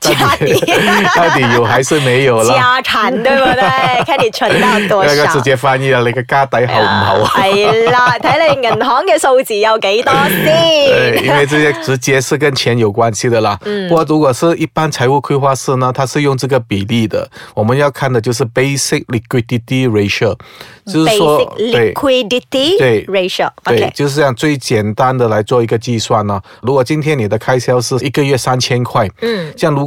家底， 到底有還是沒有了？家產，對不對？看你存到多少。那個直接翻譯啊，你個家底好唔好啊？係、哎、啦，睇你銀行嘅數字有幾多先。 因為這些直接是跟錢有關係的啦。嗯。不過如果是一般財務規劃師呢，他是用這個比例的。我們要看的就是 basic liquidity ratio，就是說、basic、liquidity 對，對 ratio、okay.。對，就是這樣最簡單的來做一個計算呢、啊。如果今天你的開銷是一個月三千塊，嗯，像如。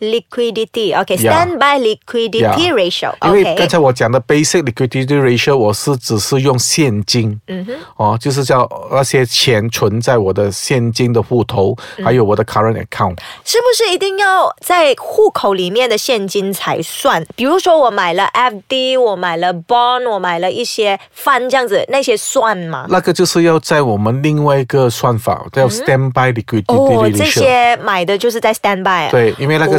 liquidity，OK，standby liquidity ratio，因為剛才我講的 basic liquidity ratio，我是只是用現金，哦，就是叫那些錢存在我的現金的戶頭，還有我的 current account，是不是一定要在戶口裡面的現金才算？比如說我買了 FD，我買了 Bond，我買了一些翻這樣子，那些算嗎？那個就是要在我們另外一個算法叫 standby liquidity ratio，哦，這些買的就是在 standby，對，因為那個。